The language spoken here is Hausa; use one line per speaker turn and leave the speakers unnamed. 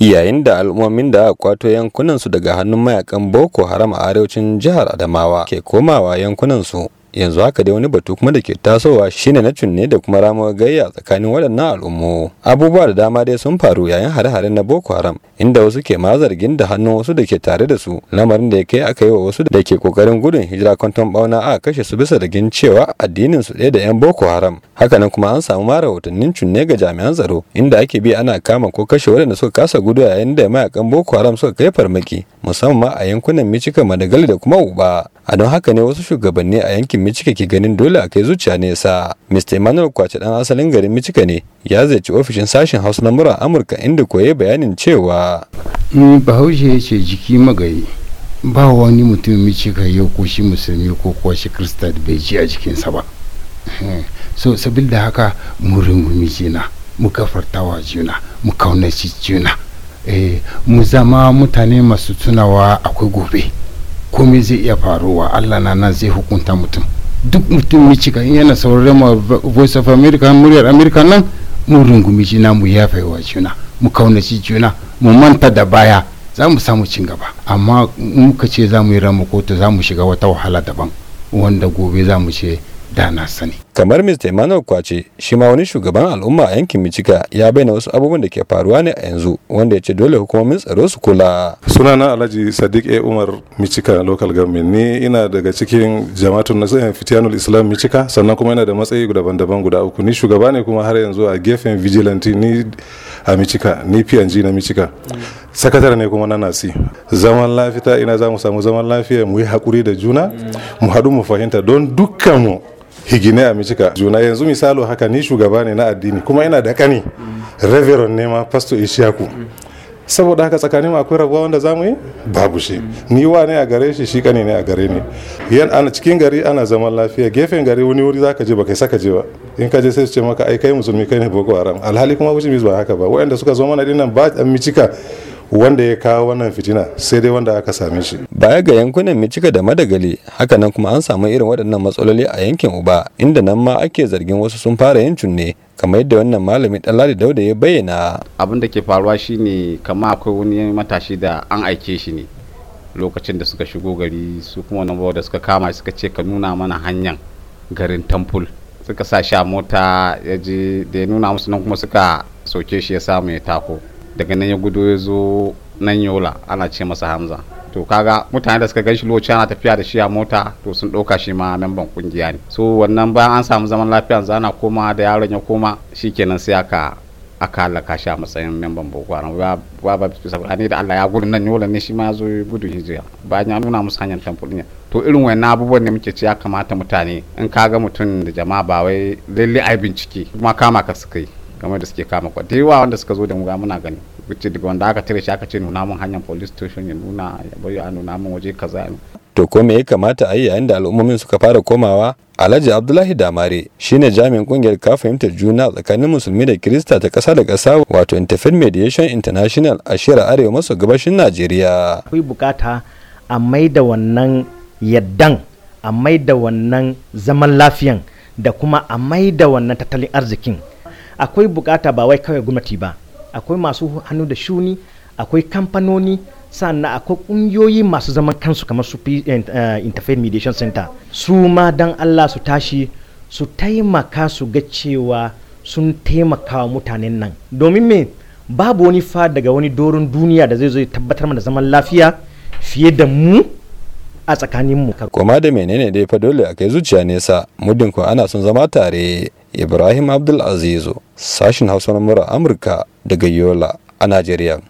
yayin da al'ummomin da aka kwato yankunansu daga hannun mayakan boko haram a arewacin jihar adamawa ke komawa yankunansu yanzu haka dai wani batu kuma da ke tasowa shine na cunne da kuma ramuwar gayya tsakanin waɗannan al'ummu abubuwa da dama dai sun faru yayin hare-hare na boko haram inda wasu ke ma zargin da hannun wasu da ke tare da su lamarin da ya kai aka yi wa wasu da ke kokarin gudun hijira kwanton bauna a kashe su bisa gin cewa addinin su ɗaya da yan boko haram haka hakanan kuma an samu mara rahotannin cunne ga jami'an tsaro inda ake bi ana kama ko kashe waɗanda suka kasa gudu yayin da mayakan boko haram suka kai farmaki musamman a yankunan michigan madagali da kuma uba a don haka ne wasu shugabanni a yankin michika ke ganin dole a kai zuciya nesa mr emmanuel kwace dan asalin garin michika ne ya ziyarci ofishin sashen hausa na mura amurka inda koye bayanin cewa bahaushe ya ce jiki magayi
ba wani mutum michika yau ko shi musulmi ko kuwa shi kirista da bai ji a jikinsa ba eh, so saboda haka mu rungumi juna mu kafartawa juna mu kaunaci juna eh, mu zama mutane masu tunawa akwai gobe komai zai iya faruwa allah na nan zai hukunta mutum duk mutum michigan yana sauraron ma voice of america muryar america nan mu rungumi juna mu yafewa juna mu kaunaci juna mu manta da baya za mu samu cin gaba amma muka ce za mu yi ramu kotu za mu
shiga wata wahala daban wanda gobe za mu ce da na sani kamar mr emmanuel kwace shi ma wani shugaban al'umma a yankin michika ya bayyana wasu abubuwan da ke faruwa ne a yanzu wanda ya ce dole hukumomin tsaro su kula
sunana alhaji sadiq a umar michika local government ni ina daga cikin jama'atun na fitiyanul islam michika sannan kuma ina da matsayi daban-daban guda uku ni shugaba ne kuma har yanzu a gefen vigilante ni a michika ni png na michika sakatare ne kuma na nasi zaman lafiya ina za mu samu zaman lafiya mu yi haƙuri da juna mu haɗu mu fahimta don dukkanmu higine a mijika juna yanzu misalo haka ni shugaba ne na addini kuma ina da kani reverend ne ma pastor ishaku saboda haka tsakanin akwai rabuwa wanda za mu yi babu shi ni wa ne a gare shi shi kane ne a gare ni yan ana cikin gari ana zaman lafiya gefen gari wani wuri zaka je baka saka je ba in ka je sai su ce maka ai kai musulmi kai ne boko haram alhali kuma wuce ba haka ba waɗanda suka zo mana dinnan ba a micika wanda ya kawo wannan fitina sai dai wanda aka same shi baya ga yankunan micika da
madagali hakanan kuma an samu irin waɗannan matsaloli a yankin uba inda nan ma ake zargin wasu sun fara
yin cunne kamar yadda wannan malami ɗanladi dauda ya bayyana abin da ke faruwa shine kamar akwai wani matashi da an aike shi ne lokacin da suka shigo gari su kuma nan da suka kama suka ce ka nuna mana hanyar garin tamful suka sa sha mota ya je da ya nuna musu nan kuma suka soke shi ya samu ya tako daga nan ya gudu ya zo nan yola ana ce masa hamza to kaga mutane da suka ganshi lokaci ana tafiya da shi a mota to sun ɗauka shi ma memban kungiya ne so wannan bayan an samu zaman lafiya zana koma da yaron ya koma shikenan sai aka aka halaka shi a matsayin memban boko haram ba ba ne da Allah ya gudu nan yola ne shi ma ya zo gudu hijira bayan ya nuna musu hanyar temple ne to irin wannan abubuwan ne muke ce ya kamata mutane in kaga mutum da jama'a ba wai lalle ai bincike kuma kama ka suka yi kamar da suke kama kwa yawa wanda suka zo da mu muna gani wuce daga wanda aka tare shi aka ce nuna mun hanyar police station ya nuna ya bayo a nuna mun waje kaza
to ko me ya kamata a yi yayin da al'ummomin suka fara komawa Alhaji Abdullahi Damare shine jami'in kungiyar ka fahimtar juna tsakanin musulmi da Kirista ta kasa da kasa wato Interfaith Mediation International a shirar Arewa maso gabashin Najeriya.
Akwai bukata a maida wannan yaddan a maida wannan zaman lafiyan da kuma a mai da wannan tattalin arzikin akwai bukata ba wai kawai gwamnati ba akwai masu hannu da shuni akwai kamfanoni sannan akwai kungiyoyi masu zaman kansu kamar su eh, eh, interfaith mediation center su ma dan allah su tashi su taimaka su ga cewa sun taimaka wa mutanen nan domin me babu wani fa daga wani doron duniya da zai zo tabbatar mana zaman lafiya fiye da mu a tsakaninmu.
Koma da menene dai fa dole a kai zuciya nesa muddin ko ana son zama tare ibrahim abdulazizu sashin hausa na mura amurka daga yola a najeriya